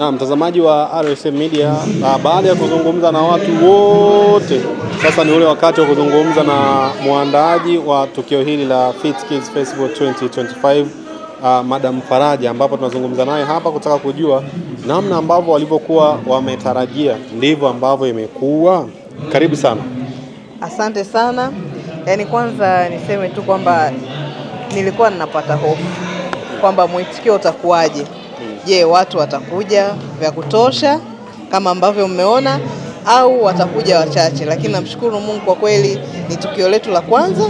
Na mtazamaji wa RSM Media, ah, baada ya kuzungumza na watu wote, sasa ni ule wakati wa kuzungumza na mwandaaji wa tukio hili la Fit Kids Festival 2025 uh, ah, Madam Faraja, ambapo tunazungumza naye hapa kutaka kujua namna ambavyo walivyokuwa wametarajia ndivyo ambavyo imekuwa. Karibu sana. Asante sana. Yaani, kwanza niseme tu kwamba nilikuwa ninapata hofu kwamba mwitikio utakuwaje Je, watu watakuja vya kutosha kama ambavyo mmeona au watakuja wachache? Lakini namshukuru Mungu kwa kweli, ni tukio letu la kwanza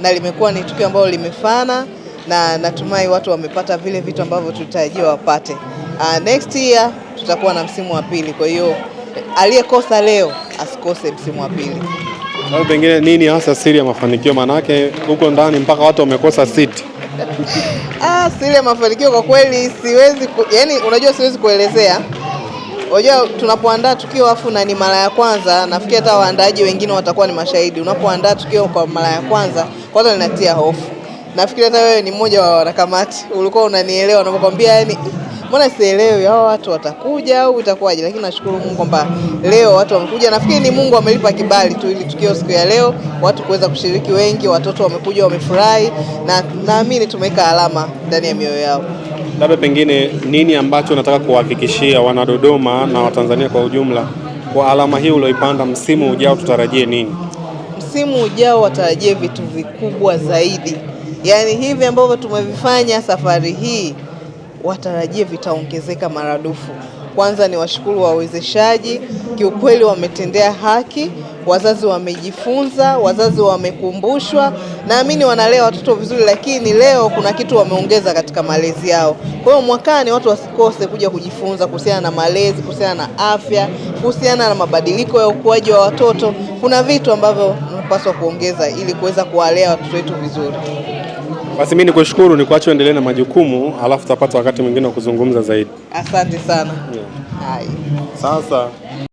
na limekuwa ni tukio ambalo limefana, na natumai watu wamepata vile vitu ambavyo tulitarajia wapate. Uh, next year tutakuwa na msimu wa pili, kwa hiyo aliyekosa leo asikose msimu wa pili. Au pengine nini hasa siri ya mafanikio? Maanake huko ndani mpaka watu wamekosa siti. Ah, siri ya mafanikio kwa kweli siwezi ku, yani unajua siwezi kuelezea. Unajua tunapoandaa tukio afu na ni mara ya kwanza, nafikiri hata waandaaji wengine watakuwa ni mashahidi. Unapoandaa tukio kwa mara ya kwanza, kwanza linatia hofu. Nafikiri hata wewe ni mmoja wa wanakamati, ulikuwa unanielewa unapokwambia yani mbona sielewi hao watu watakuja au itakuwaje, lakini nashukuru Mungu kwamba leo watu wamekuja. Nafikiri ni Mungu amelipa kibali tu ili tukio siku ya leo watu kuweza kushiriki wengi, watoto wamekuja, wamefurahi na naamini tumeweka alama ndani ya mioyo yao. Labda pengine nini ambacho nataka kuwahakikishia Wanadodoma na Watanzania kwa ujumla kwa alama hii ulioipanda, msimu ujao tutarajie nini? Msimu ujao watarajie vitu vikubwa zaidi, yaani hivi ambavyo tumevifanya safari hii watarajie vitaongezeka maradufu. Kwanza ni washukuru wawezeshaji, kiukweli wametendea haki, wazazi wamejifunza, wazazi wamekumbushwa, naamini wanalea watoto vizuri, lakini leo kuna kitu wameongeza katika malezi yao. Kwa hiyo mwakani watu wasikose kuja kujifunza kuhusiana na malezi, kuhusiana na afya, kuhusiana na mabadiliko ya ukuaji wa watoto. Kuna vitu ambavyo tunapaswa kuongeza ili kuweza kuwalea watoto wetu vizuri. Basi mimi nikushukuru, ni kuacha uendelee na majukumu, alafu tutapata wakati mwingine wa kuzungumza zaidi. Asante sana. Yeah. Hai. Sasa